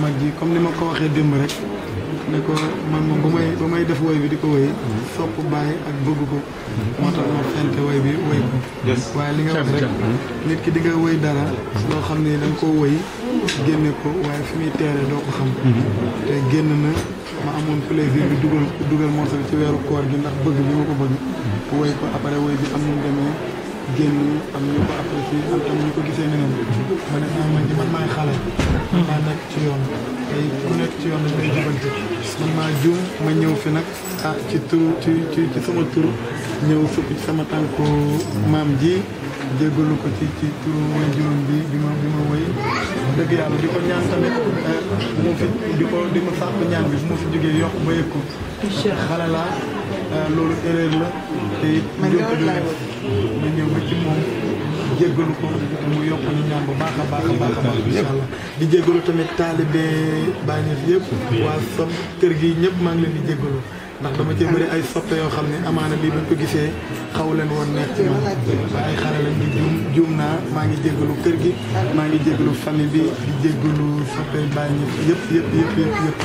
mag ji comme ni ma ko waxee démb rek ne ko man moom ba may def woy bi di ko woy sopp bàyyi ak bëgg ko tax woy bi woy ko li nga wax rek mm-hmm. nit ki di nga woy dara loo xam ne da nga koo woy génne ko waaye fi muy teere doo ko xam mm-hmm. te génn na ma amoon plaisir bi dugal dugal morceau bi ci weeru koor gi ndax bëgg bi ma ko bëgg mm-hmm. woy ko après woy bi am na demee génn am ñu ko apprécié am am ñu ko gisee neneen ma ne ah man de maay xale. maa nekk ci yoon tey ku ma ñëw fi nag ah ci tur ci ci sama tur ñëw sukk ci sama tànku maam ji jéggalu ko ci ci turu way juróom bi bi ma bi ma woy dëgg yàlla di ko ñaan tamit eh, mu fi di ko di ma sàpp ñaan bi mu fi jógee yokk ba yëg ko xale laa Euh, loolu erreur la te it njëkk la ma ñëw ba ci moom jéggalu ko mu yokk ñu ñaan bu baax a baax a baax a baax incha allah di jéggalu tamit taalibe bàññeef yëpp waa sam kër gi ñëpp maa ngi leen di jéggalu ndax dama cee bëri ay soppe yoo xam ne amaana bii ba ko gisee xaw leen woon neex ci moom ay xare lañ di juum juum naa maa ngi jéggalu kër gi maa ngi jéggalu famille bi di jéggalu soppe bàññeef yëpp yëpp yëpp yëpp yëpp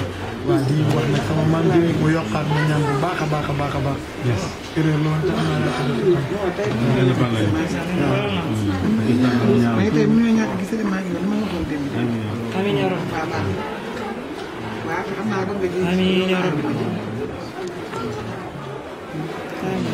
waaw lii wax na man bi bu yokkaat ma ñaan bu baax a baax a baax a baax. erreur loolu tax naa yaa